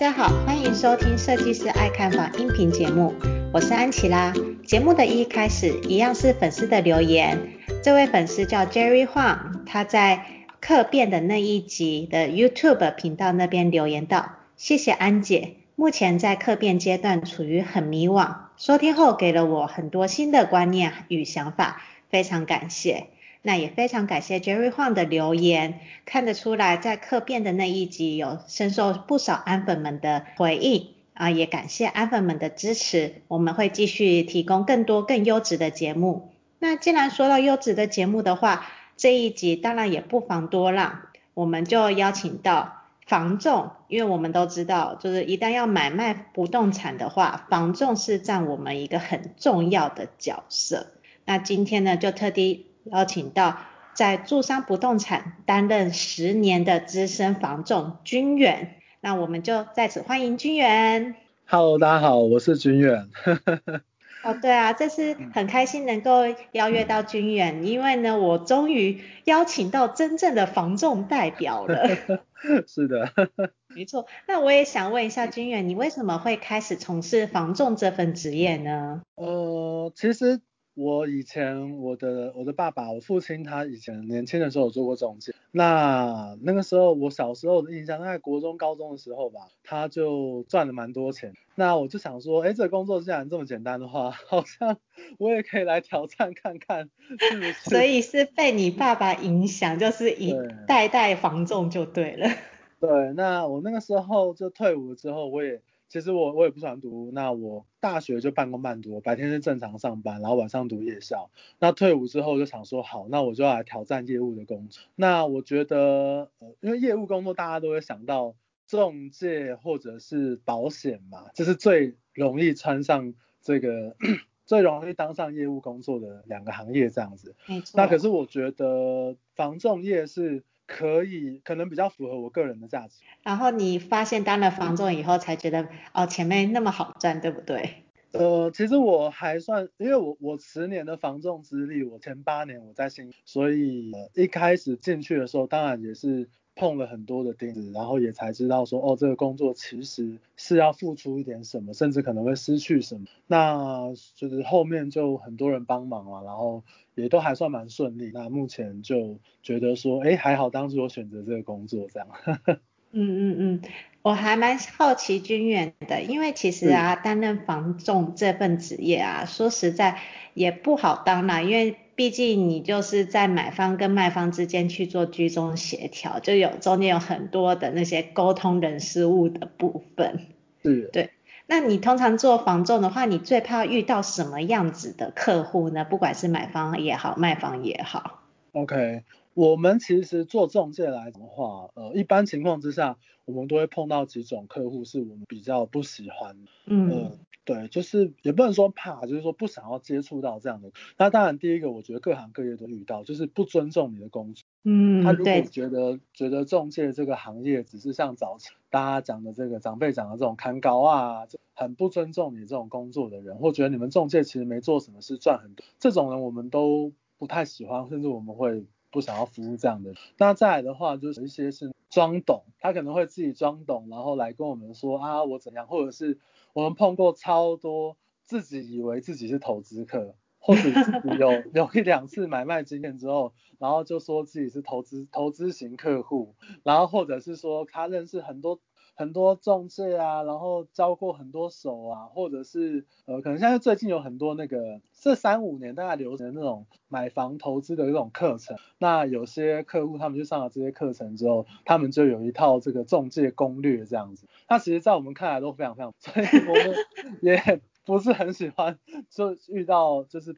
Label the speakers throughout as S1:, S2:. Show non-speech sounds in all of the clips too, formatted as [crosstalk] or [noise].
S1: 大家好，歡迎收聽設計師愛看房音頻節目，我是安琪拉。節目的一開始，一樣是粉絲的留言。這位粉絲叫 Jerry Huang，他在客變的那一集的 YouTube 頻道那邊留言道：謝謝安姐，目前在客變階段處於很迷惘，收聽後給了我很多新的觀念與想法，非常感謝。那也非常感謝 Jerry Huang 的留言，看得出來在客變的那一集有深受不少安粉們的回應啊，也感謝安粉們的支持，我們會繼續提供更多更優質的節目。那既然說到優質的節目的話，這一集當然也不妨多讓，我們就邀請到房仲，因為我們都知道，就是一旦要買賣不動產的話，房仲是佔我們一個很重要的角色。那今天呢，就特地。邀請到在住商不動產擔任十年的資深房仲軍遠，那我們就在此歡迎軍遠。
S2: Hello，大家好，我是軍遠。
S1: [laughs] 哦，對啊，這次很開心能夠邀約到軍遠，嗯、因為呢，我終於邀請到真正的房仲代表了。 [laughs]
S2: 是的，
S1: [laughs] 沒錯。那我也想問一下軍遠，你為什麼會開始從事房仲這份職業呢？呃，其實。
S2: 我以前我的我的爸爸，我父親他以前年輕的時候做過仲介。那那個時候我小時候的印象，在國中高中的時候吧，他就賺了蠻多錢。那我就想說，哎、欸，這個、工作既然這麼簡單的話，好像我也可以來挑戰看看，嗯、
S1: 所以是被你爸爸影響，就是以代代房仲就對了
S2: 對。對，那我那個時候就退伍之後，我也。其實我我也不喜歡讀，那我大學就半工半讀，白天是正常上班，然後晚上讀夜校。那退伍之後就想說，好，那我就要來挑戰業務的工作。那我覺得，嗯、因為業務工作大家都會想到仲介、或者是保險嘛，這、就是最容易穿上這個 [coughs] 最容易當上業務工作的兩個行業這樣子。沒錯。那可是我覺得房仲業是。可以，可能比較符合我個人的
S1: 價值。然後你發現當了房仲以後，才覺得、嗯、哦，前面那麼好賺，對不對？
S2: 呃，其實我還算，因為我我十年的房仲資歷，我前八年我在新，所以、呃、一開始進去的時候，當然也是碰了很多的釘子，然後也才知道說，哦，這個工作其實是要付出一點什麼，甚至可能會失去什麼。那就是後面就很多人幫忙了、啊，然後。也都還算蠻順利。那目前就覺得說，哎，還好當時我選擇這個工作這樣。
S1: [laughs] 嗯嗯嗯，我還蠻好奇軍遠的，因為其實啊，嗯、擔任房仲這份職業啊，說實在也不好當啦，因為畢竟你就是在買方跟賣方之間去做居中協調，就有中間有很多的那些溝通人事物的部分。嗯是，對。那你通常做房仲的話，你最怕遇到什麼樣子的客戶呢？不管是買方也好，賣方也好。
S2: OK。我們其實做仲介來的話，呃，一般情況之下，我們都會碰到幾種客戶是我們比較不喜歡。嗯、呃，對，就是也不能說怕，就是說不想要接觸到這樣的。那當然，第一個我覺得各行各業都遇到，就是不尊重你的工作。嗯，他如果覺得覺得仲介這個行業只是像早期大家講的這個長輩講的這種看高啊，很不尊重你這種工作的人，或覺得你們仲介其實沒做什麼事，是賺很多這種人，我們都不太喜歡，甚至我們會。不想要服務這樣的。那再來的話，就是有一些是裝懂，他可能會自己裝懂，然後來跟我們說啊，我怎樣，或者是我們碰過超多自己以為自己是投資客，或者是有有一兩次買賣經驗之後，然後就說自己是投資投資型客戶，然後或者是說他認識很多。很多仲介啊，然後交過很多手啊，或者是呃，可能現在最近有很多那個這三五年大概流行的那種買房投資的一種課程，那有些客戶他們去上了這些課程之後，他們就有一套這個仲介攻略這樣子。那其實，在我們看來都非常非常，所以我們也不是很喜歡就遇到就是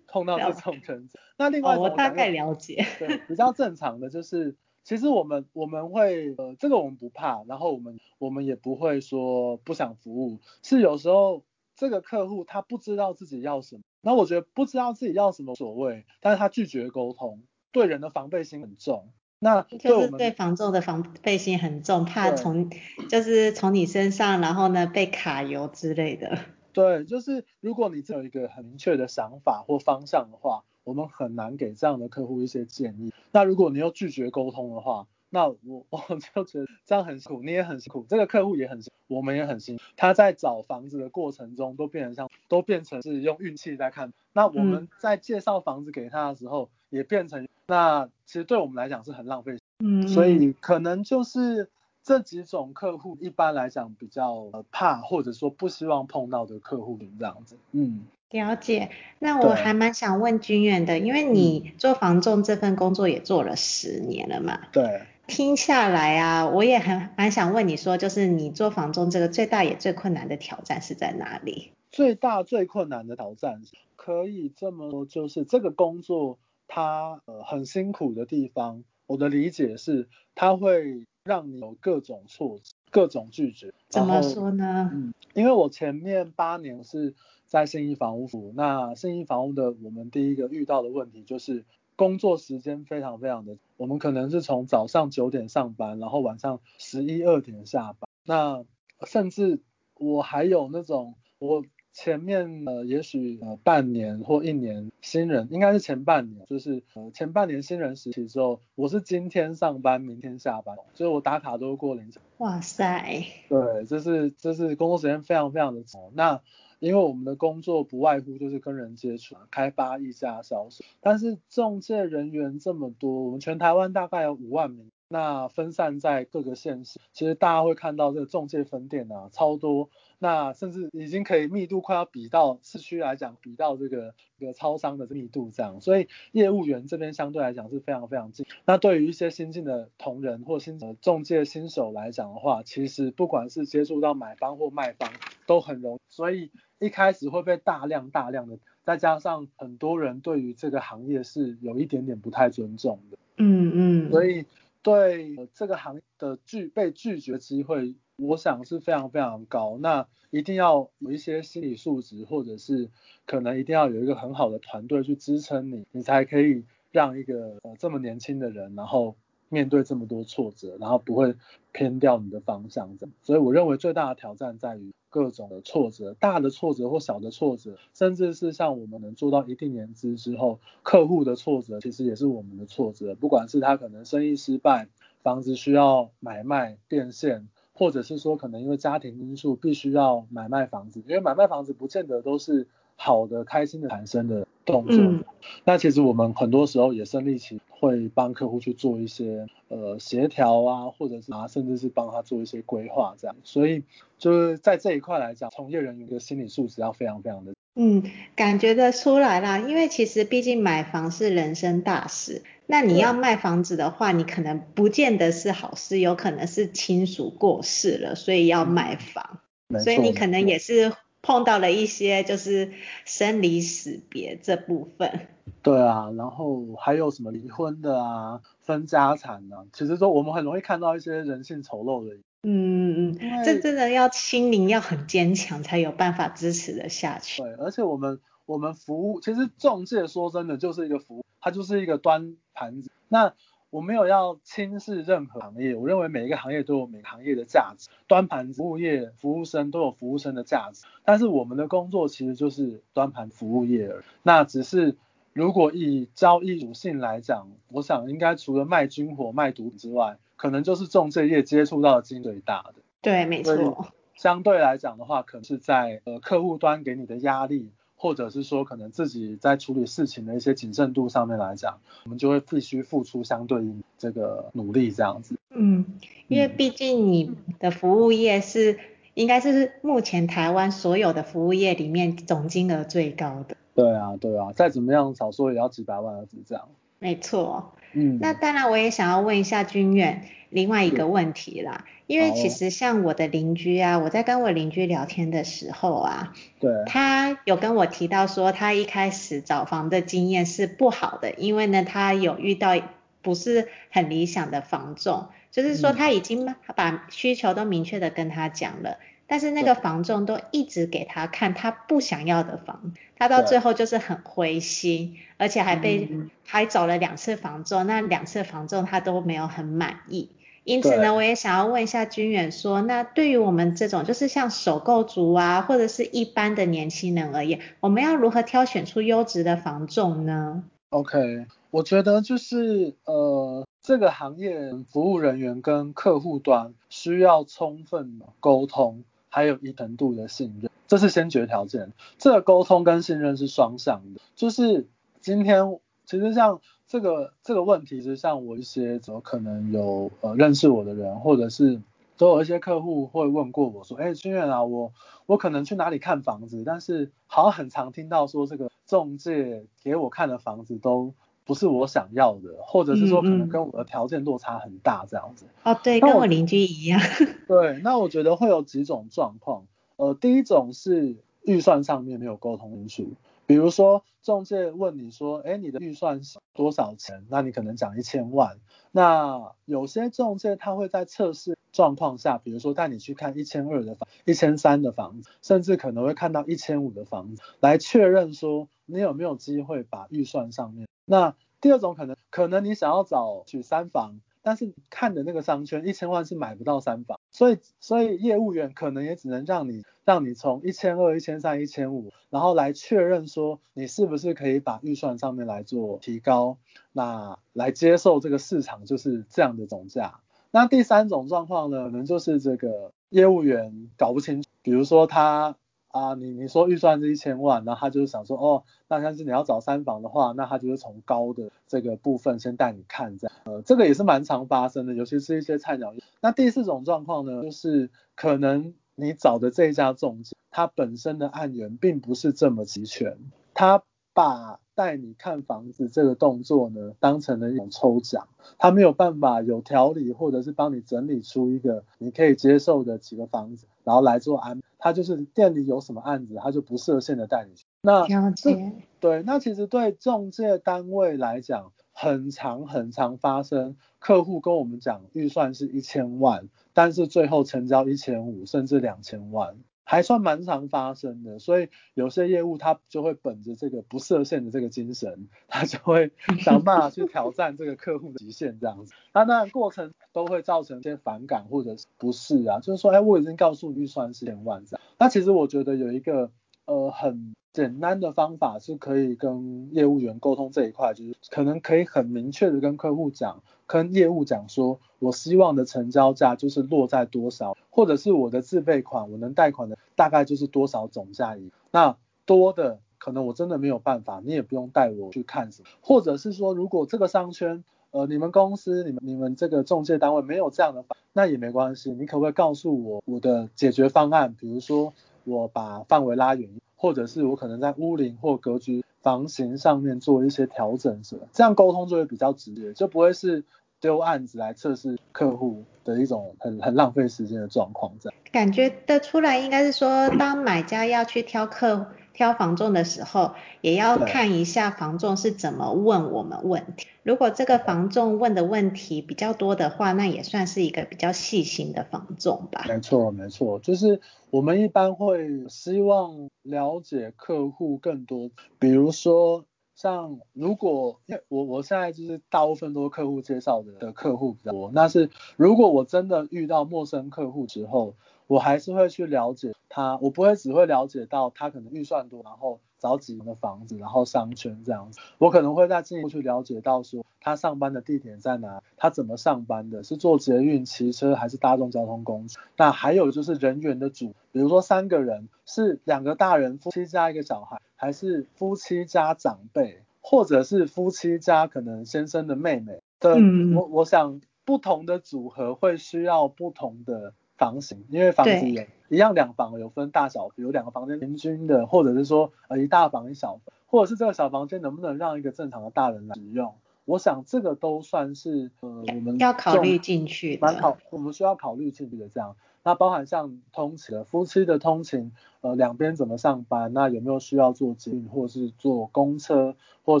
S2: 碰到這種人。有那另外我大概了解對，比較正常的就是。其實我們我們會，呃，這個我們不怕，然後我們我們也不會說不想服務，是有時候這個客戶他不知道自己要什麼，那我覺得不知道自己要什麼所謂，但是他拒絕溝通，對人的防備心很重，
S1: 那就是對房仲的防備心很重，怕從對就是從你身上然後呢被卡油之類的。
S2: 對，就是如果你只有一個很明確的想法或方向的話。我們很難給這樣的客戶一些建議。那如果你又拒絕溝通的話，那我我就覺得這樣很辛苦，你也很辛苦，這個客戶也很辛苦，我們也很辛苦。他在找房子的過程中都變成像都變成是用運氣在看。那我們在介紹房子給他的時候也變成，嗯，那其實對我們來講是很浪費。嗯，所以可能就是這幾種客戶，一般來講比較怕或者說不希望碰到的客戶，這樣子。
S1: 嗯。了解，那我還蠻想問軍遠的，對因為你做房仲這份工作也做了十年了嘛，對，聽下來啊，我也很蠻想問你說，就是你做房仲這個最大也最困難的挑戰是在哪裡？
S2: 最大最困難的挑戰，可以這麼說，就是這個工作它呃很辛苦的地方，我的理解是它會讓你有各種措，各種拒絕。怎麼說
S1: 呢？嗯，
S2: 因為我前面八年是。在信義房屋服務，那信義房屋的我們第一個遇到的問題就是工作時間非常非常的長，我們可能是從早上九點上班，然後晚上十一二點下班。那甚至我還有那種我前面呃，也許呃半年或一年新人，應該是前半年，就是呃前半年新人時期之後，我是今天上班，明天下班，所以我打卡都過凌晨。
S1: 哇塞！
S2: 對，這是這是工作時間非常非常的長。那因為我們的工作不外乎就是跟人接觸，開發、議價、銷售。但是仲介人員這麼多，我們全台灣大概有五萬名，那分散在各個縣市，其實大家會看到這個仲介分店啊，超多。那甚至已經可以密度快要比到市區來講，比到這個、這個超商的密度這樣，所以業務員這邊相對來講是非常非常近。那對於一些新進的同仁或新、呃、仲介新手來講的話，其實不管是接觸到買方或賣方，都很容易，所以一開始會被大量大量的，再加上很多人對於這個行業是有一點點不太尊重的，
S1: 嗯嗯，所
S2: 以對、呃、這個行業的拒被拒絕機會，我想是非常非常高，那一定要有一些心理素質，或者是可能一定要有一個很好的團隊去支撐你，你才可以讓一個呃這麼年輕的人，然後面對這麼多挫折，然後不會偏掉你的方向。所以我認為最大的挑戰在於各種的挫折，大的挫折或小的挫折，甚至是像我們能做到一定年資之後，客戶的挫折其實也是我們的挫折，不管是他可能生意失敗，房子需要買賣變現。電線或者是說，可能因為家庭因素，必須要買賣房子，因為買賣房子不見得都是好的、開心的、產生的動作的。那、嗯、其實我們很多時候也是力氣會幫客戶去做一些呃協調啊，或者是啊，甚至是幫他做一些規劃，這樣。所以就是在這一塊來講，從業人員的心理素質要非常非常的。
S1: 嗯，感覺得出來啦。因為其實畢竟買房是人生大事。那你要賣房子的話，對你可能不見得是好事，有可能是親屬過世了，所以要賣房，嗯、所以你可能也是碰到了一些就是生離死別這部分。
S2: 對啊，然後還有什麼離婚的啊，分家產啊，其實說我們很容易看到一些人性醜陋的。嗯嗯嗯，
S1: 為這真的要心靈要很堅強，才有辦法支持的下去。對，
S2: 而且我們。我們服務，其實仲介說真的就是一個服務，它就是一個端盤子。那我沒有要輕視任何行業，我認為每一個行業都有每個行業的價值，端盤子服務業服務生都有服務生的價值。但是我們的工作其實就是端盤服務業而已。那只是如果以交易屬性來講，我想應該除了賣軍火、賣毒品之外，可能就是仲介業接觸到的金額最大的。
S1: 對，沒
S2: 錯。相對來講的話，可能是在呃客戶端給你的壓力。或者是說，可能自己在處理事情的一些謹慎度上面來講，我們就會必須付出相對應這個努力，這樣子。
S1: 嗯，因為畢竟你的服務業是、嗯、應該是目前台灣所有的服務業裡面總金額最高的。
S2: 對啊，對啊，再怎麼樣少說也要幾百萬而止這樣。
S1: 沒錯。嗯，那當然，我也想要問一下軍遠另外一個問題啦，對因為其實像我的鄰居啊，好我在跟我鄰居聊天的時候啊，對，他有跟我提到說他一開始找房的經驗是不好的，因為呢，他有遇到不是很理想的房仲，就是說他已經把需求都明確的跟他講了。嗯但是那個房仲都一直給他看他不想要的房，對他到最後就是很灰心，對而且還被、嗯、還找了兩次房仲，那兩次房仲他都沒有很滿意。因此呢，對我也想要問一下軍遠說，那對於我們這種就是像首購族啊，或者是一般的年輕人而言，我們要如何挑選出優質的房仲呢？OK，我
S2: 覺得就是呃，這個行業服務人員跟客戶端需要充分的溝通。還有一程度的信任，這是先決條件。這個溝通跟信任是雙向的，就是今天其實像這個這個問題，其實像我一些可能有呃認識我的人，或者是都有一些客戶會問過我說，哎、欸，軍遠啊，我我可能去哪裡看房子，但是好像很常聽到說這個仲介給我看的房子都不是我想要的，或者是說可能跟我的條件落差很大這樣子。
S1: 哦、嗯嗯，oh, 對，我跟我鄰居一樣。
S2: [laughs] 對，那我覺得會有幾種狀況，呃，第一種是預算上面沒有溝通因素。比如說仲介問你說，哎，你的預算是多少錢？那你可能講一千萬。那有些仲介他會在測試狀況下，比如說帶你去看一千二的房、一千三的房子，甚至可能會看到一千五的房子，來確認說你有沒有機會把預算上面。那第二種可能，可能你想要找取三房，但是看的那個商圈一千萬是買不到三房，所以所以業務員可能也只能讓你讓你從一千二、一千三、一千五，然後來確認說你是不是可以把預算上面來做提高，那來接受這個市場就是這樣的總價。那第三種狀況呢，可能就是這個業務員搞不清，比如說他。啊，你你說預算是一千萬，然後他就是想說，哦，那像是你要找三房的話，那他就是從高的這個部分先帶你看，這樣，呃，這個也是蠻常發生的，尤其是一些菜鳥。那第四種狀況呢，就是可能你找的這一家中介，他本身的案源並不是這麼齊全，他把帶你看房子這個動作呢，當成了一種抽獎，他沒有辦法有條理或者是幫你整理出一個你可以接受的幾個房子，然後來做安排。他就是店裡有什麼案子，他就不設限的代理。
S1: 那了解、嗯、
S2: 對，那其實對仲介單位來講，很常很常發生，客戶跟我們講預算是一千萬，但是最後成交一千五甚至兩千萬。還算蠻常發生的，所以有些業務他就會本着這個不設限的這個精神，他就會想辦法去挑戰這個客戶的極限這樣子。 [laughs] 啊、那當然，過程都會造成一些反感或者不適啊，就是說，哎、欸，我已經告訴預算是兩萬這樣，那其實我覺得有一個呃很。簡單的方法是可以跟業務員溝通這一塊，就是可能可以很明確的跟客戶講，跟業務講說，我希望的成交價就是落在多少，或者是我的自備款我能貸款的大概就是多少總價，那多的可能我真的沒有辦法，你也不用帶我去看什麼，或者是說如果這個商圈，呃，你們公司你們你們這個中介單位沒有這樣的房，那也沒關係，你可不可以告訴我我的解決方案，比如說我把範圍拉遠。或者是我可能在屋齡或格局、房型上面做一些調整什麼，這樣溝通就會比較直接，就不會是丟案子來測試客戶的一種很很浪費時間的狀況。這
S1: 樣感覺得出來，應該是說當買家要去挑客。挑房仲的時候，也要看一下房仲是怎麼問我們問題。對如果這個房仲問的問題比較多的話，那也算是一個比較細心的房仲吧。沒錯，沒錯，就是我們一般會希望了
S2: 解客戶更多，比如說像如果我我現在就是大部分都是客戶介紹的的客戶比較多，那是如果我真的遇到陌生客戶之後。我還是會去了解他，我不會只會了解到他可能預算多，然後找幾人的房子，然後商圈這樣子。我可能會再進一步去了解到說他上班的地點在哪，他怎麼上班的，是坐捷運、騎車還是大眾交通工具？那還有就是人員的組，比如說三個人是兩個大人夫妻加一個小孩，還是夫妻加長輩，或者是夫妻加可能先生的妹妹？嗯、對，我我想不同的組合會需要不同的房型，因為房子有對一樣，兩房，有分大小，比如兩個房間平均的，或者是說呃一大房一小房，或者是這個小房間能不能讓一個正常的大人來使用？我想這個都算是呃我們要考慮進去蠻好，我們需要考慮進去的這樣。那包含像通勤，夫妻的通勤，呃兩邊怎麼上班？那有沒有需要坐捷運或是坐公車，或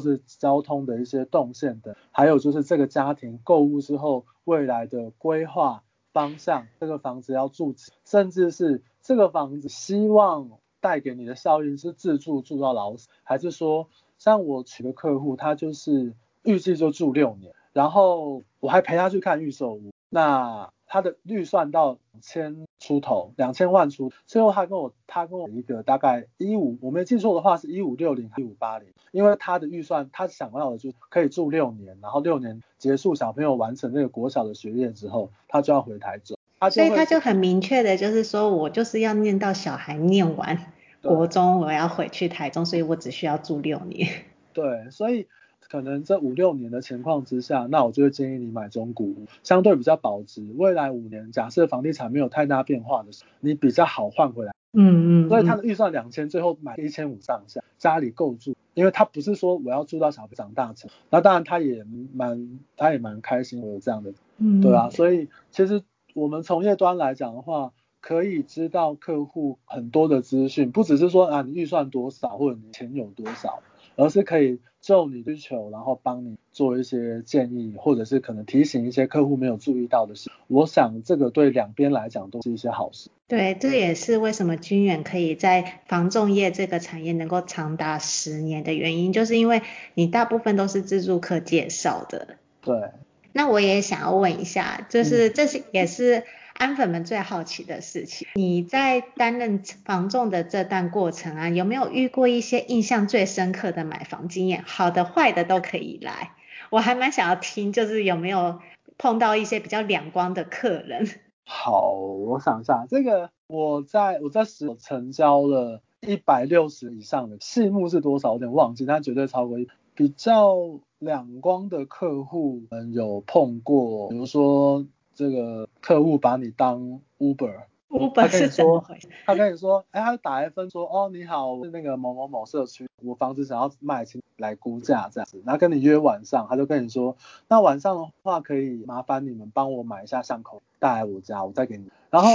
S2: 是交通的一些動線的？還有就是這個家庭購物之後未來的規劃。方向，這個房子要住，甚至是這個房子希望帶給你的效應是自住住到老，還是說像我娶的客戶，他就是預計就住六年，然後我還陪他去看預售屋，那。他的預算到兩千出頭，兩千萬出，最後他跟我他跟我一個大概一五，我沒記錯的話是一五六零一五八零，因為他的預算他想要的就是可以住六年，然後六年結束小朋友完成那個國小的學業之後，他就要回台中，
S1: 所以他就很明確的就是說，我就是要念到小孩念完對國中我要回去台中，所以我只需要住六年。
S2: 對，所以。可能這五六年的情況之下，那我就會建議你買中古屋，相對比較保值。未來五年，假設房地產沒有太大變化的時候，你比較好換回來。嗯嗯，
S1: 嗯嗯。所以他的
S2: 預算兩千，最後買一千五上下，家裡夠住。因為他不是說我要住到小房大城，那當然他也蠻，他也蠻開心有這樣的，嗯，嗯，對吧、啊？所以其實我們從業端來講的話，可以知道客戶很多的資訊，不只是說啊你預算多少或者你錢有多少。而是可以就你的需求，然後幫你做一些建議，或者是可能提醒一些客戶沒有注意到的事。我想這個對兩邊來講都是一些好事。
S1: 對，這也是為什麼軍遠可以在房仲業這個產業能夠長達十年的原因，就是因為你大部分都是自助客介紹的。對。那我也想要問一下，就是這是也是、嗯。安粉們最好奇的事情，你在擔任房仲的這段過程啊，有沒有遇過一些印象最深刻的買房經驗？好的、壞的都可以來，我還蠻想要聽，就是有沒有碰到一些比較兩光的客人？
S2: 好，我想一下，這個我在我在市成交了一百六十以上的細目是多少？我有點忘記，但絕對超過一。比較兩光的客戶們有碰過，比如說這個。客戶把你當 Uber, Uber，他跟你說，他跟你說，哎、欸，他打來分說，哦，你好，是那個某某某社區，我房子想要賣，請你來估價這樣子，然後跟你約晚上，他就跟你說，那晚上的話可以麻煩你們幫我買一下巷口，帶來我家，我再給你。然後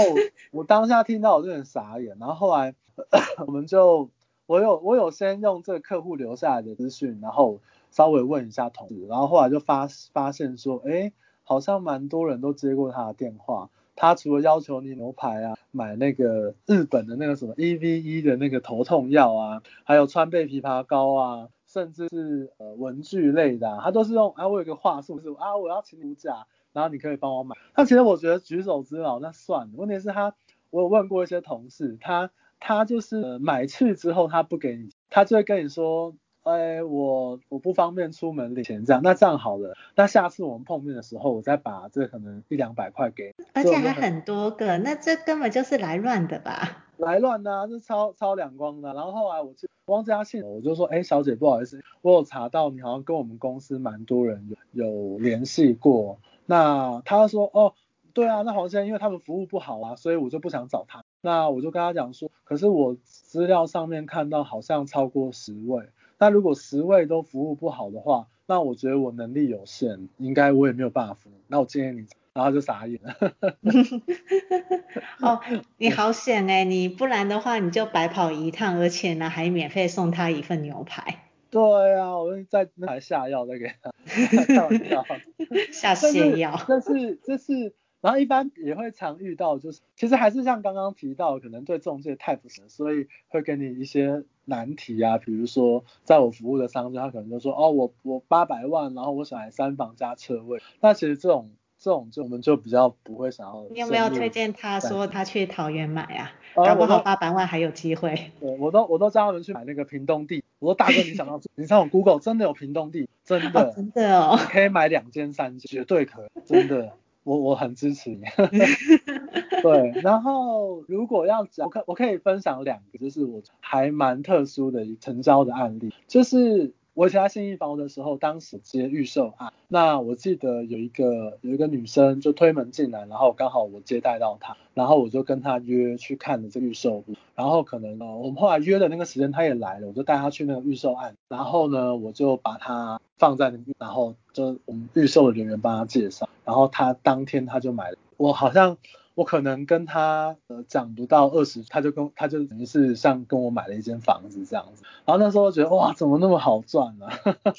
S2: 我當下聽到我就很傻眼，然後後來 [laughs] 我們就，我有我有先用這個客戶留下來的資訊，然後稍微問一下同事，然後後來就發發現說，哎、欸。好像蠻多人都接過他的電話，他除了要求你牛排啊、買那個日本的那個什麼 E V E 的那個頭痛藥啊，還有川貝枇杷膏啊，甚至是呃文具類的，啊，他都是用啊我有個話術是啊我要請你假，然後你可以幫我買。但其實我覺得舉手之勞那算了，問題是他我有問過一些同事，他他就是、呃、買去之後他不給你，他就會跟你說。哎、欸，我我不方便出門領錢，這樣，那這樣好了，那下次我們碰面的時候，我再把這可能一兩百塊給。而且
S1: 還很多個，那這根本就是來亂的吧？來亂的、啊，這超超兩光的。然
S2: 後後、啊、來我就，忘記他姓了，我就說，哎、欸，小姐，不好意思，我有查到你好像跟我們公司蠻多人有有聯繫過。那他說，哦，對啊，那好像因為他們服務不好啊，所以我就不想找他。那我就跟他講說，可是我資料上面看到好像超過十位。那如果十位都服務不好的話，那我覺得我能力有限，應該我也沒有辦法服務，那我建議你，然後就傻眼了。
S1: [laughs] [laughs] 哦，你好險哎、欸，你不然的話你就白跑一趟，而且呢還免費送他一份牛排。
S2: 對啊，我在那台下藥給他， [laughs] 下瀉藥腰。這是這是。然後一般也會常遇到，就是其實還是像剛剛提到，可能對中介太不熟，所以會給你一些難題啊。比如說，在我服務的商家，他可能就說，哦，我我八百萬，然後我想來三房加車位。那其實這種這種就我們就比較不會想要。你有沒有推薦
S1: 他說他去桃園買啊？啊搞不好八百萬還有機會。我我都我都叫他們去
S2: 買那個屏東地，我說大哥你想要， [laughs] 你上我 google 真的有屏東地，真的、哦、真的哦，可以買兩間三間，絕對可以，真的。我我很支持你， [laughs] 對。然後如果要講，我可我可以分享兩個，就是我還蠻特殊的成交的案例，就是我其他信義房的時候，當時接預售案。那我記得有一個有一個女生就推門進來，然後剛好我接待到她，然後我就跟她約去看了這個預售部。然後可能呢，我們後來約的那個時間她也來了，我就帶她去那個預售案。然後呢，我就把她放在那邊，然後就我們預售的人員幫她介紹。然後他當天他就買了，我好像我可能跟他呃講不到二十，他就跟他就等於是像跟我買了一間房子這樣子。然後那時候我覺得哇，怎麼那麼好賺呢？啊？
S1: [laughs]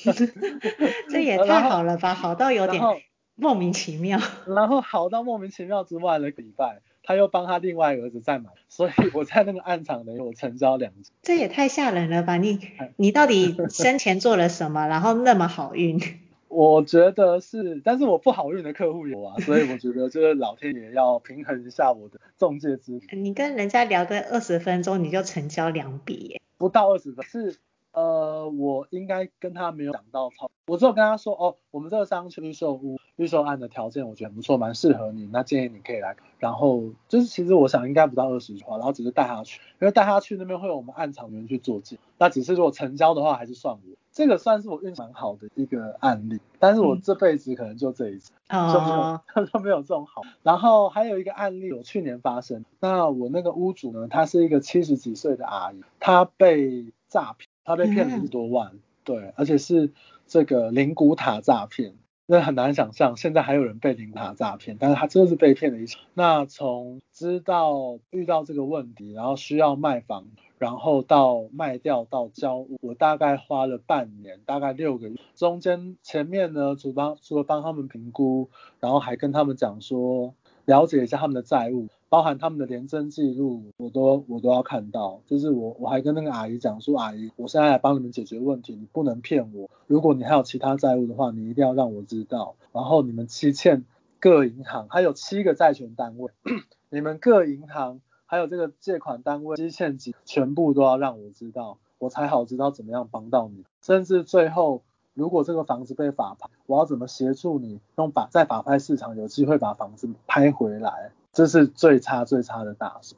S1: [laughs] 這也太好了吧，好到有點
S2: 莫名其妙。然後，然後，然後好到莫名其妙之外，那個禮拜他又幫他另外一個兒子再買，所以我在那個案場呢，我成交兩組。
S1: 這也太嚇人了吧？你你到底生前做了什麼， [laughs] 然後那麼好運？我覺得是，但是我不好運的客戶有啊，所以
S2: 我覺得就是老天爺要平衡一下我的
S1: 中介之苦。 [laughs] 你跟人家聊個二十分鐘，你就成交兩筆。欸，不到
S2: 二十分是呃，我應該跟他沒有講到套，我只有跟他說哦，我們這個商區預售屋預售案的條件我覺得很不錯，蠻適合你，那建議你可以來，然後就是其實我想應該不到二十句的話，然後只是帶他去，因為帶他去那邊會有我們按場的人去做件，那只是如果成交的話還是算我。這個算是我運氣蠻好的一個案例，但是我這輩子可能就這一次，都、嗯、沒有，就沒有這種好。然後還有一個案例，我去年發生，那我那個屋主呢，他是一個七十幾歲的阿姨，她被詐騙，她被騙了十多萬，嗯、對，而且是這個靈骨塔詐騙，那很難想象，現在還有人被靈骨塔詐騙，但是她真的是被騙了一次。那從知道遇到這個問題，然後需要賣房。然後到賣掉到交屋，我大概花了半年，大概六個月。中間前面呢，除幫除了幫他們評估，然後還跟他們講說，了解一下他們的債務，包含他們的聯徵記錄，我都我都要看到。就是我我還跟那個阿姨講說，阿姨，我現在來幫你們解決問題，你不能騙我。如果你還有其他債務的話，你一定要讓我知道。然後你們積欠各銀行，還有七個債權單位，你們各銀行。還有這個借款單位積欠幾，全部都要讓我知道，我才好知道怎麼樣幫到你。甚至最後，如果這個房子被法拍，我要怎麼協助你，用法在法拍市場有機會把房子拍回來，這是最差最差的大事。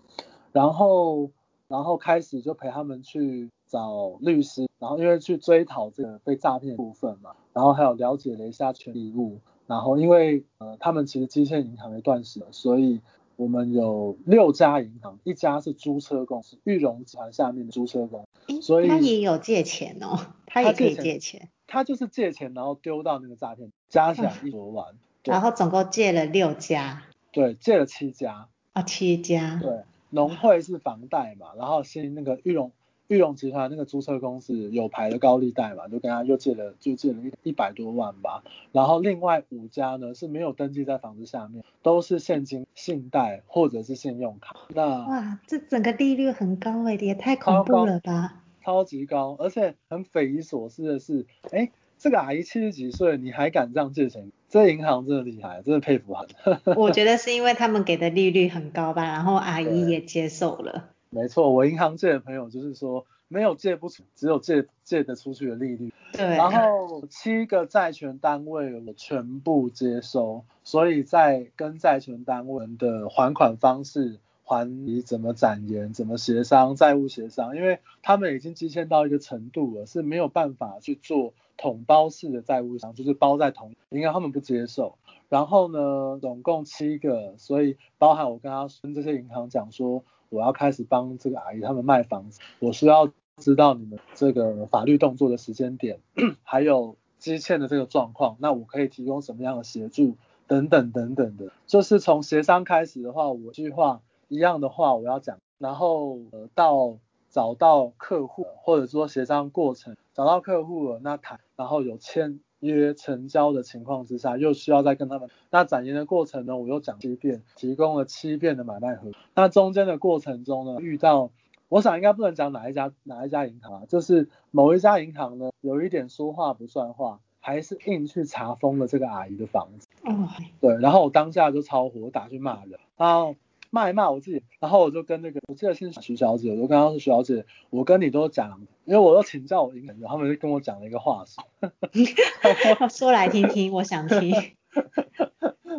S2: 然後，然後開始就陪他們去找律師，然後因為去追討這個被詐騙的部分嘛，然後還有了解了一下權利物，然後因為呃他們其實積欠銀行也斷食了，所以。我們有六家銀行，一家是租車公司，裕隆集團下面的租車公司，所以他、欸、他也
S1: 有借錢哦，他也可以借錢，
S2: 他就是借錢然後丟到那個詐騙加起來一桌玩，啊、對
S1: 然後總共借了六家，對，借
S2: 了七家啊，七家，對，農會是房貸嘛，然後是那個裕隆。裕隆集團那個租車公司有牌的高利貸嘛，就跟他又借了，就借了一一百多萬吧。然後另外五家呢是沒有登記在房子下面，都是現金、信貸或者是信用卡。那哇，這
S1: 整個利率很高、欸、也太恐怖了吧！
S2: 超高，超級高，而且很匪夷所思的是，哎、欸，這個阿姨七十幾歲，你還敢這樣借錢？這銀行真的厲害，真的佩服很。
S1: [laughs] 我覺得是因為他們給的利率很高吧，然後阿姨也接受了。
S2: 沒錯，我銀行借的朋友就是說，沒有借不出，只有借借得出去的利率。對。
S1: 然後
S2: 七個債權單位我全部接收，所以在跟債權單位的還款方式、還你怎麼展延、怎麼協商債務協商，因為他們已經積欠到一個程度了，是沒有辦法去做統包式的債務商，就是包在同，銀行他們不接受。然後呢，總共七個，所以包含我跟他跟這些銀行講說。我要開始幫這個阿姨他們賣房子，我需要知道你們這個法律動作的時間點，還有積欠的這個狀況，那我可以提供什麼樣的協助等等等等的。就是從協商開始的話，我一句話一樣的話我要講，然後、呃、到找到客戶或者說協商過程，找到客戶了那談，然後有簽約成交的情況之下，又需要再跟他們那展業的過程呢，我又講七遍，提供了七遍的買賣合同。那中間的過程中呢，遇到我想應該不能講哪一家哪一家銀行啊，就是某一家銀行呢，有一點說話不算話，還是硬去查封了這個阿姨的房子。嗯、對，然後我當下就超火，我打去罵人。然後罵一罵我自己，然後我就跟那個，我記得是徐小姐，我就跟他說徐小姐，我跟你都講，因為我都請教我領人，他們就跟我講了一個話說，呵呵 [laughs] 說來聽聽，我想聽。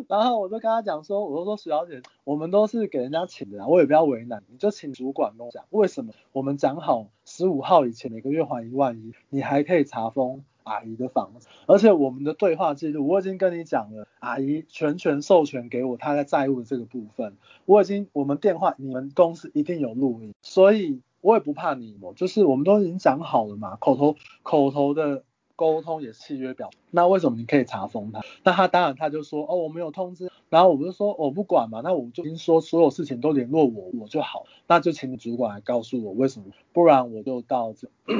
S2: 然後我就跟他講說，我都說徐小姐，我們都是給人家請的啦，我也不要為難，你就請主管跟我講，為什麼我們講好十五號以前每個月還一萬一，你還可以查封。阿姨的房子，而且我們的對話記錄，我已經跟你講了，阿姨全權授權給我她在債務的這個部分，我已經，我們電話，你們公司一定有錄音，所以我也不怕你，我就是我們都已經講好了嘛，口頭口頭的溝通也是契約表，那為什麼你可以查封他？那他當然他就說，哦我沒有通知，然後我不是說我、哦、不管嘛，那我就已經說所有事情都聯絡我，我就好，那就請你主管來告訴我為什麼，不然我就到這。 [coughs]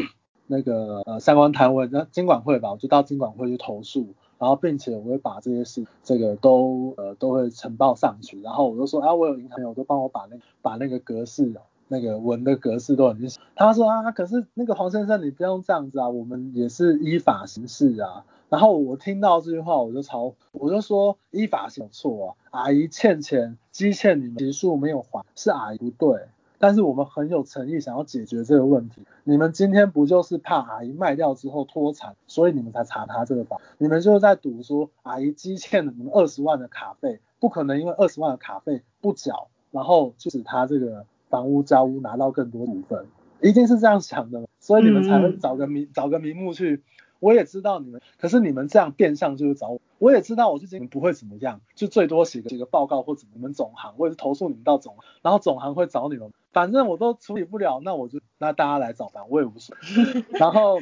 S2: 那個呃三觀談文那金管會吧，我就到金管會去投訴，然後並且我會把這些事這個都呃都會呈報上去，然後我就說啊我有銀行，我都幫我把那個把那個格式那個文的格式都已經，他說啊可是那個黃先生你不要這樣子啊，我們也是依法行事啊。然後我聽到這句話我就朝我就說依法行有錯啊，阿姨欠錢，積欠你們結束沒有還，是阿姨不對。但是我們很有誠意想要解決這個問題。你們今天不就是怕阿姨賣掉之後脫產，所以你們才查他這個房？你們就是在賭說阿姨積欠了你們二十萬的卡費，不可能因為二十萬的卡費不繳，然後就使他這個房屋交屋拿到更多股份，一定是這樣想的。所以你們才會找個名找個名目去。我也知道你們，可是你們這樣變相就是找我。我也知道我最近不會怎麼樣，就最多寫個寫個報告或者你們總行，我也是投訴你們到總，然後總行會找你們。反正我都處理不了，那我就那大家來找吧，我也無所謂。 [laughs] 然後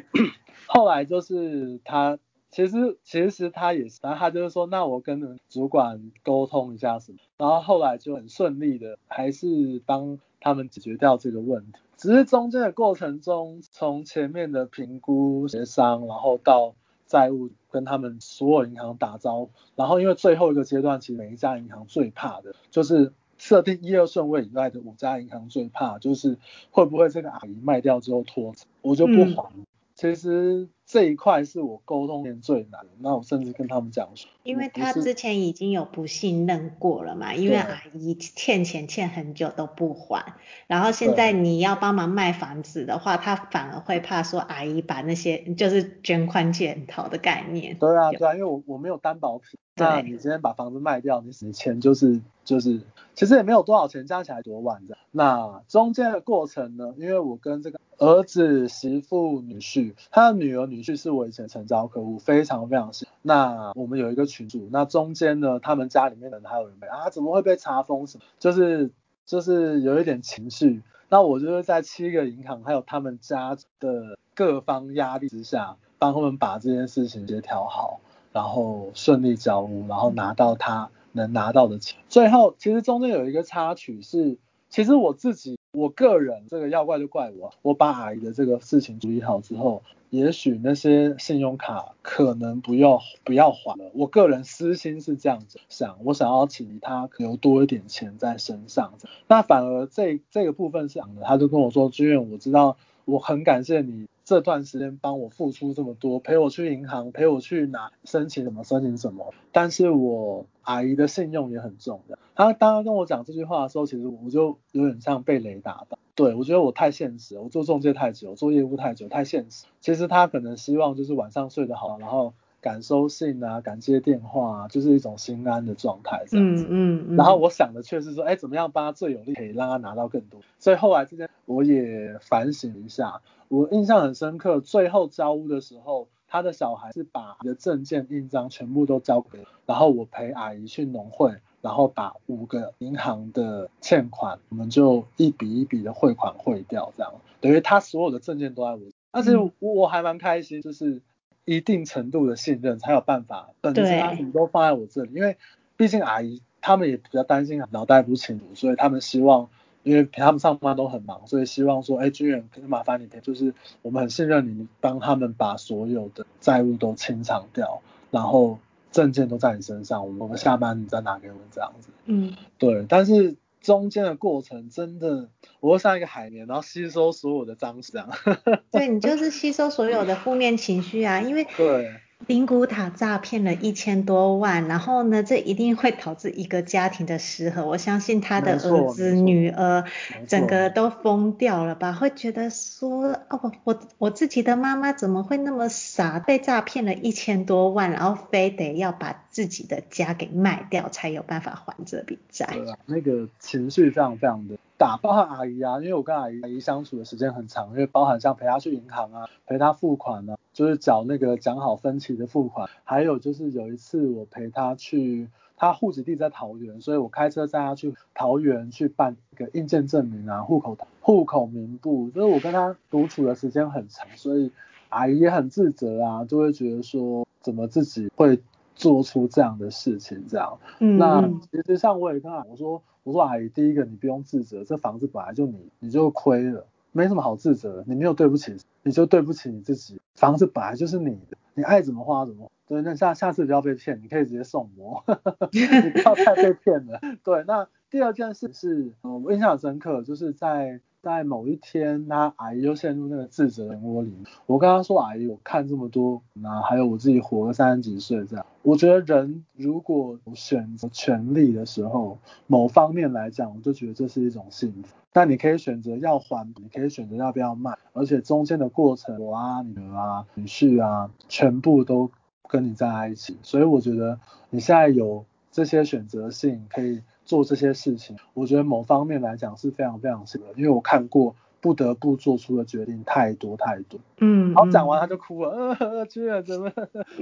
S2: 後來就是他，其實其實他也是，然後他就是說，那我跟主管溝通一下什麼。然後後來就很順利的，還是幫他們解決掉這個問題。只是中間的過程中，從前面的評估、協商，然後到債務跟他們所有銀行打招呼。然後因為最後一個階段，其實每一家銀行最怕的就是。設定一二順位以外的五家銀行最怕，就是會不會這個阿姨賣掉之後拖着我就不還。嗯、其實。這一塊是我溝通面最難的，那我甚至跟他們
S1: 講說，因為他之前已經有不信任過了嘛，對因為阿姨欠錢欠很久都不還，然後現在你要幫忙賣房子的話，他對反而會怕說阿姨把那些就是捲款潛逃的概念。對啊就對啊，因為我
S2: 我沒有擔保品，對，但你今天把房子賣掉，你錢就是就是，其實也沒有多少錢，加起來多萬的，啊。那中間的過程呢，因為我跟這個兒子媳婦女婿，他的女兒女。情緒是我以前成交客戶非常非常細。那我們有一個群組，那中間呢，他們家裡面的人還有人沒，啊，怎麼會被查封什麼？就是就是有一點情緒。那我就會在七個銀行還有他們家的各方壓力之下，幫他們把這件事情協調好，然後順利交屋，然後拿到他能拿到的錢。最後其實中間有一個插曲是，其實我自己。我個人這個要怪就怪我，我把阿姨的這個事情處理好之後，也許那些信用卡可能不要不要還了。我個人私心是這樣子想，我想要請他可能多一點錢在身上。那反而這這個部分想的，他就跟我說，軍遠，我知道，我很感謝你。這段時間幫我付出這麼多，陪我去銀行，陪我去哪，申請什麼申請什麼。但是我阿姨的信用也很重要。她剛剛跟我講這句話的時候，其實我就有點像被雷打的。對，我覺得我太現實，我做中介太久，做業務太久，太現實。其實她可能希望就是晚上睡得好，然後。敢收信啊，敢接電話啊，就是一種心安的狀態這樣子。嗯嗯嗯，然後我想的卻是說，哎，怎麼樣幫他最有利，可以讓他拿到更多。所以後來這邊我也反省一下。我印象很深刻，最後交屋的時候，他的小孩是把你的證件印章全部都交給我，然後我陪阿姨去農會，然後把五個銀行的欠款，我們就一筆一筆的匯款匯掉，這樣等於他所有的證件都在我，但是我還蠻開心，就是。一定程度的信任才有辦法，本身把什麼都放在我這裡，對因為畢竟阿姨他們也比較擔心腦袋不清楚，所以他們希望，因為他們上班都很忙，所以希望說，哎，軍遠可以麻煩你，就是我們很信任你，幫他們把所有的債務都清償掉，然後證件都在你身上，我們下班你再拿給我們這樣子。嗯，對，但是。中間的過程真的，我會像一個海綿，然後吸收所有的髒水 [laughs] 對，你
S1: 就是吸收所有的負面情緒啊，因為對。靈骨塔詐騙了一千多萬，然後呢，這一定會導致一個家庭的失和。我相信他的兒子、沒錯，女兒，沒錯，整個都瘋掉了吧？沒錯，會覺得說，哦我我,我自己的媽媽怎麼會那麼傻，被詐騙了一千多萬，然後非得要把自己的家給賣掉才有辦法還
S2: 這筆債？對啊，那個情緒非常非常的大。包括阿姨啊，因為我跟阿姨,、啊、阿姨相處的時間很長，因為包含像陪她去銀行啊，陪她付款啊。就是找那個講好分期的付款，還有就是有一次我陪他去，他戶籍地在桃園，所以我開車載他去桃園去辦一個印鑑證明啊，戶口戶口名簿。就是我跟他獨處的時間很長，所以阿姨也很自責啊，就會覺得說，怎麼自己會做出這樣的事情這樣。嗯，那其實像我也跟他我說我說，阿姨，第一個你不用自責，這房子本來就你你就虧了。沒什麼好自責，你沒有對不起，你就對不起你自己。房子本來就是你的，你愛怎麼花怎麼花。對，那下下次不要被騙，你可以直接送我， [laughs] 你不要太被騙了。對，那第二件事是，我印象很深刻，就是在。在某一天，那阿姨又陷入那個自責的漩渦裡面。我剛剛說，阿姨，我看這麼多，那還有我自己活了三十幾歲這樣，我覺得人如果選擇權利的時候，某方面來講，我就覺得這是一種幸福。但你可以選擇要還，你可以選擇要不要賣，而且中間的過程，我啊、女兒啊、女婿啊，全部都跟你在一起，所以我覺得你現在有這些選擇性可以做這些事情，我覺得某方面來講是非常非常幸的，因為我看過不得不做出的決定太多太多。嗯，
S1: 然後講完
S2: 他就哭了，嗯、呃呃呃去了，怎麼？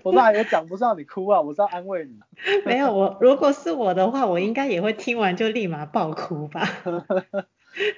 S2: 我那也講不上你哭啊， [laughs] 我是要安慰你。
S1: [laughs] 沒有我，如果是我的話，我應該也會聽完就立馬爆哭吧。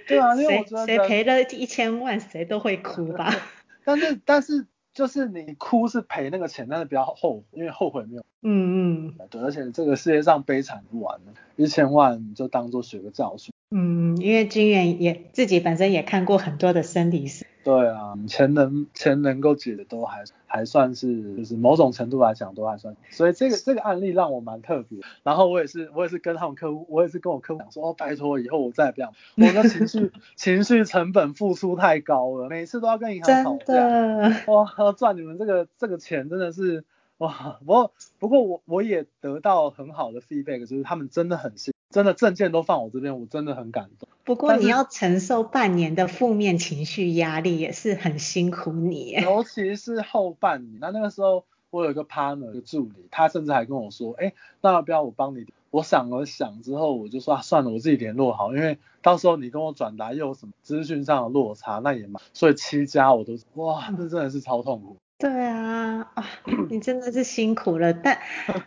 S1: 對 [laughs] 啊，誰誰賠了一千萬，誰都會哭吧。
S2: [laughs] 但是，但是。就是你哭是賠那個錢，但是比較後悔，因為後悔沒有。嗯嗯，對，而且這個世界上悲慘不完的，一千萬你就當做學個教訓。.
S1: 嗯，因為金源也自己本身也看過很多的生理史。
S2: 對啊，錢能錢能夠解的都還還算是，就是某種程度來講都還算。所以這個這個案例讓我蠻特別。然後我也是我也是跟他們客戶，我也是跟我客戶講說，哦，拜託以後我再也不要。我的情緒 [laughs] 情緒成本付出太高了，每次都要跟銀行
S1: 吵
S2: 架。的哇，賺你們這個這個錢真的是，哇，我不過我我也得到很好的 feedback，就是他們真的很信。真的證件都放我這邊，我真的很感
S1: 動。不過你要承受半年的負面情緒壓力也是很辛苦你。
S2: 尤其是後半年，那那個時候我有一個 partner 的助理，他甚至還跟我說，哎、欸，那要不要我幫你？我想了想之後，我就說、啊、算了，我自己聯絡好，因為到時候你跟我轉達又有什麼資訊上的落差，那也嘛。所以七家我都哇，
S1: 這真的是超痛苦。對啊、哦，你真的是辛苦了。 [laughs] 但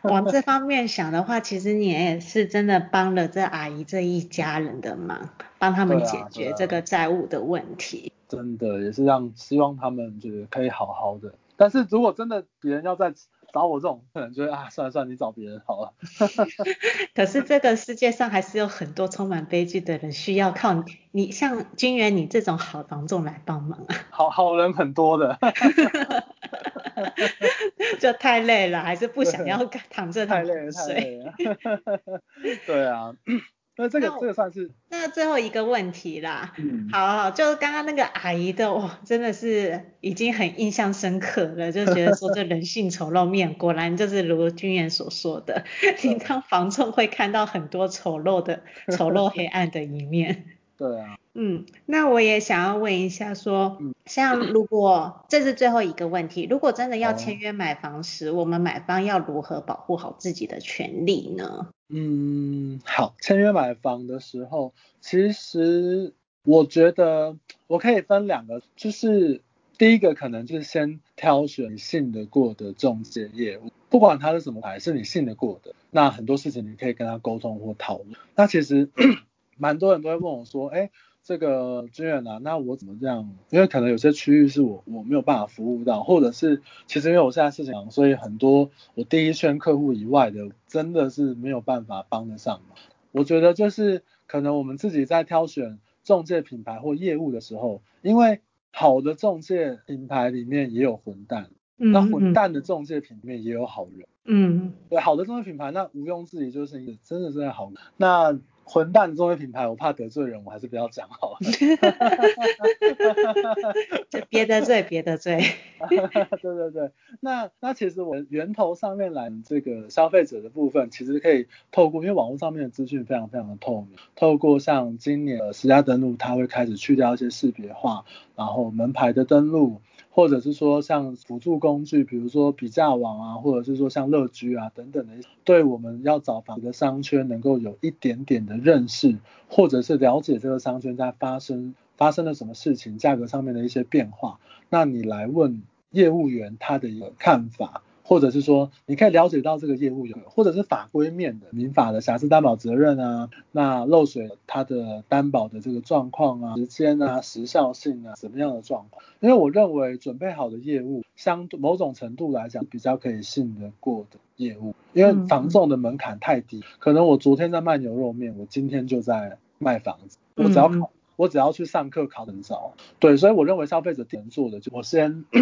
S1: 往這方面想的話，其實你也是真的幫了這阿姨這一家人的忙，幫他們解決這個債務的問題。
S2: 啊啊、真的也是讓希望他們就是可以好好的。但是如果真的別人要再找我這種，可能就是啊、哎，算了算了，你找別人好了。
S1: [laughs] 可是這個世界上還是有很多充滿悲劇的人需要靠你，你像軍遠你這種好房仲來幫忙
S2: 啊。好好人很多的。 [laughs]
S1: [laughs] 就太累了，還是不想要躺着太累了，太累了。 [laughs] [laughs] 對啊。那這個， [coughs] 那這個算是。那最後一個問題啦。嗯、好、啊、好，就是剛剛那個阿姨的，我真的是已經很印象深刻了，就覺得說這人性醜陋面， [laughs] 果然就是如軍遠所說的，經對 [laughs] 常房仲會看到很多醜陋的、醜陋黑暗的一面。 [laughs] 對啊。嗯，那我也想要問一下說，說像如果這是最後一個問題。嗯、如果真的要簽約買房時，哦、我們買方要如何保護好自己的權利呢？
S2: 嗯，好，簽約買房的時候，其實我覺得我可以分兩個，就是第一個可能就是先挑選你信得過的中介業務，不管他是什麼牌，是你信得過的，那很多事情你可以跟他溝通或討論。那其實蠻 [coughs] 多人都會問我說，哎、欸。這個資源啊，那我怎麼這樣？因為可能有些區域是我我沒有辦法服務到，或者是其實因為我現在事情，所以很多我第一圈客戶以外的，真的是沒有辦法幫得上。我覺得就是可能我們自己在挑選仲介品牌或業務的時候，因為好的仲介品牌裡面也有混蛋，
S1: 嗯嗯嗯，那混蛋
S2: 的仲介品牌也有好人。嗯,嗯，對，好的仲介品牌那毋庸置疑就是真的是好人。那混蛋作為品牌，我怕得罪人，我還是不要講好了。別 [laughs] 得 [laughs] 罪，別得罪。 [laughs] [laughs] 對對對，那那其實我源頭上面來這個消費者的部分，其實可以透過，因為網絡上面的資訊非常非常的透明。透過像今年的實價登錄，他會開始去掉一些識別化，然後門牌的登錄。或者是說像輔助工具，比如說比價網啊，或者是說像樂居啊等等的，對我們要找房子的商圈能夠有一點點的認識，或者是了解這個商圈在發生發生了什麼事情，價格上面的一些變化，那你來問業務員他的一個看法。或者是說，你可以了解到這個業務有沒有，或者是法規面的民法的瑕疵擔保責任啊，那漏水它的擔保的這個狀況啊，時間啊，時效性啊，什麼樣的狀況？因為我認為準備好的業務，相對某種程度來講比較可以信得過的業務，因為房仲的門檻太低，嗯、可能我昨天在賣牛肉麵，我今天就在賣房子，我只要考，嗯、我只要去上課考得很早，對，所以我認為消費者點做的就我先。 [coughs]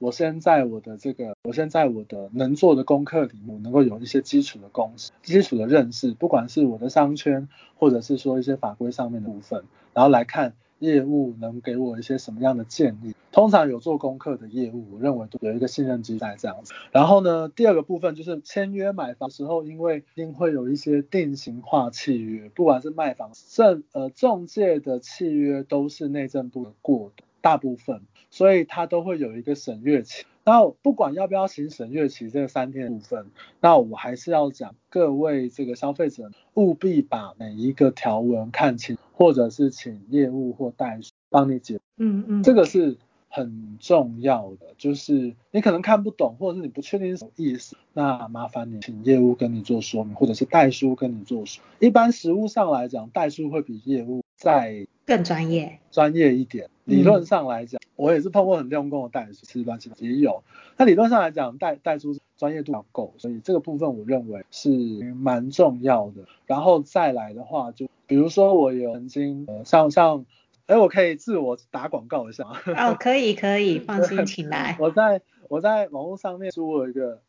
S2: 我先在我的這個，我先在我的能做的功課裡面，能夠有一些基礎的功，基礎的認識，不管是我的商圈，或者是說一些法規上面的部分，然後來看業務能給我一些什麼樣的建議。通常有做功課的業務，我認為都有一個信任基在這樣子。然後呢，第二個部分就是簽約買房的時候，因為一定會有一些定型化契約，不管是賣房正呃仲介的契約，都是內政部過的過渡。大部分，所以它都會有一個審閱期。然後不管要不要行審閱期這三天部分，那我還是要講各位這個消費者務必把每一個條文看清，或者是請業務或代書幫你解。嗯嗯，這個是很重要的，就是你可能看不懂，或者是你不確定什麼意思，那麻煩你請業務跟你做說明，或者是代書跟你做說明。一般實務上來講，代書會比業務再更專業，專業一點。理論上來講，我也是碰過很用功的代書吃飯，其實也有。那理論上來講，代代書專業度要夠，所以這個部分我認為是蠻重要的。然後再來的話就，就比如說我有曾經，像像。哎，我可以自我打廣告一下嗎？哦，可以可以，放心，請來。 [laughs] 我在我在網絡上面租了一個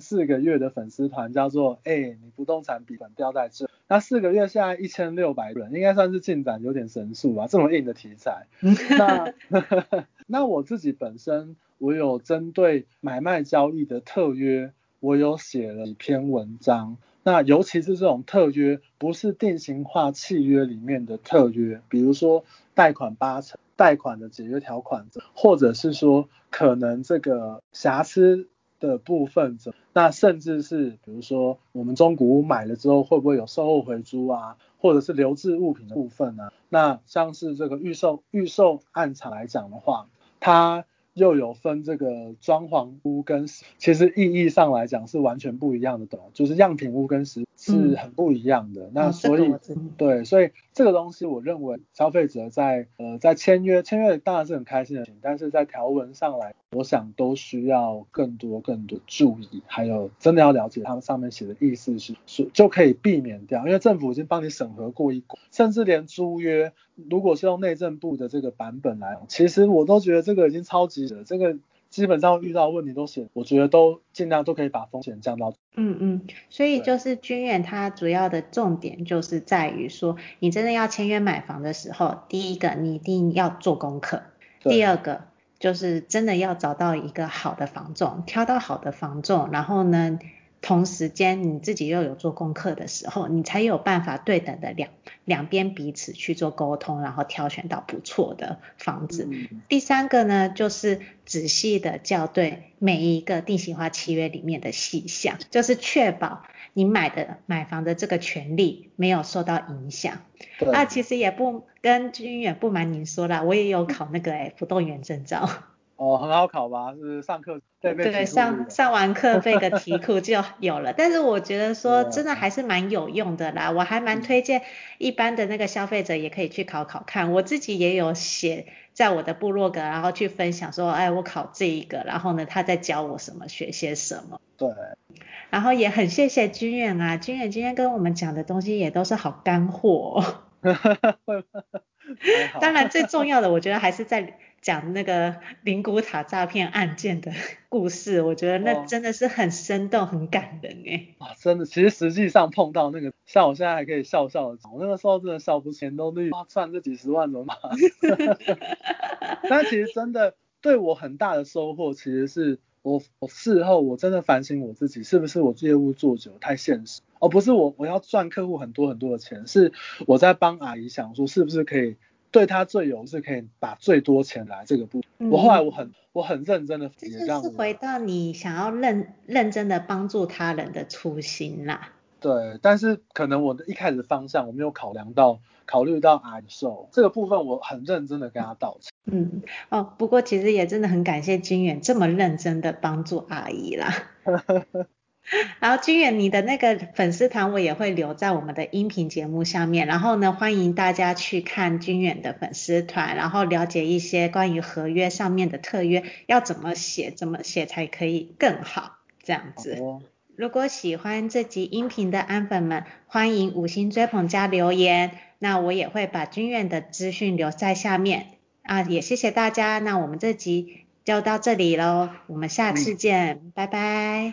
S2: 四個月的粉絲團，叫做“哎，你不動產筆記本掉在這”，那四個月下來一千六百人，應該算是進展有點神速吧？這麼硬的題材。 [laughs] 那 [laughs] 那我自己本身，我有針對買賣交易的特約，我有寫了幾篇文章。那尤其是這種特約，不是定型化契約裡面的特約，比如說。貸款八成，貸款的解約條款，或者是說可能這個瑕疵的部分，那甚至是比如說我們中古屋買了之後會不會有售後回租啊，或者是留置物品的部分啊？那像是這個預售，預售案場來講的話，它又有分這個裝潢屋跟實，其實意義上來講是完全不一樣的，懂？就是樣品屋跟實是很不一樣的，嗯、那所以、嗯嗯、對，對，所以。這個東西，我認為消費者在呃在簽約，簽約當然是很開心的事情，但是在條文上來，我想都需要更多更多的注意，還有真的要了解他們上面寫的意思是，就就可以避免掉，因為政府已經幫你審核過一關，甚至連租約，如果是用內政部的這個版本來，其實我都覺得這個已經超級值了，這個。基本上遇到問題都是，我覺得都盡量都可以把風險降到。嗯嗯，
S1: 所以就是軍遠它主要的重點就是在於說，你真的要簽約買房的時候，第一個你一定要做功課，對 第二個就是真的要找到一個好的房仲，挑到好的房仲，然後呢。同時間你自己又有做功課的時候，你才有辦法對等的兩兩邊彼此去做溝通，然後挑選到不錯的房子。嗯、第三個呢，就是仔細的校對每一個定型化契約裡面的細項，就是確保你買的買房的這個權利沒有受到影響。那對、啊、其實也不跟軍遠不瞞您說啦，我也有考那個誒不動產證照。
S2: 哦，很好考吧？就是上課對對，上上完課背個題庫
S1: 就有了。 [laughs] 但是我覺得說真的還是蠻有用的啦，對我還蠻推薦一般的那個消費者也可以去考考看。我自己也有寫在我的部落格，然後去分享說，哎、欸，我考這一個，然後呢，他在教我什麼，學些什麼。對。然後也很謝謝軍遠啊，軍遠今天跟我們講的東西也都是好乾貨、哦。哈 [laughs] 好 [laughs] 當然最重要的，我覺得還是在。講那個靈骨塔詐騙案件的故事，我覺得那真的是很生動、哇很感人哎。啊，
S2: 真的，其實實際上碰到那個，像我現在還可以笑笑的，我那個時候真的笑不，錢都綠，哇、啊，賺這幾十萬了嗎？ [laughs] [laughs] 但其實真的對我很大的收穫，其實是我我事後我真的反省我自己，是不是我業務做久太現實？哦，不是我我要賺客戶很多很多的錢，是我在幫阿姨想說是不是可以。對他最有，是可以把最多錢來這個部分。嗯、我後來我很我很認真的，這
S1: 就是回到你想要認認真的幫助他人的初心啦。
S2: 對，但是可能我的一開始方向我沒有考量到考慮到 I 的時候這個部分，我很認真的跟他道歉。
S1: 嗯哦，不過其實也真的很感謝軍遠這麼認真的幫助阿姨啦。 [laughs] 然後軍遠，你的那個粉絲團我也會留在我們的音頻節目下面，然後呢，歡迎大家去看軍遠的粉絲團，然後了解一些關於合約上面的特約要怎麼寫，怎麼寫才可以更好這樣子。哦、如果喜歡這集音頻的安粉們，歡迎五星追捧加留言，那我也會把軍遠的資訊留在下面。啊，也謝謝大家，那我們這集就到這裡嘍，我們下次見，嗯、拜拜。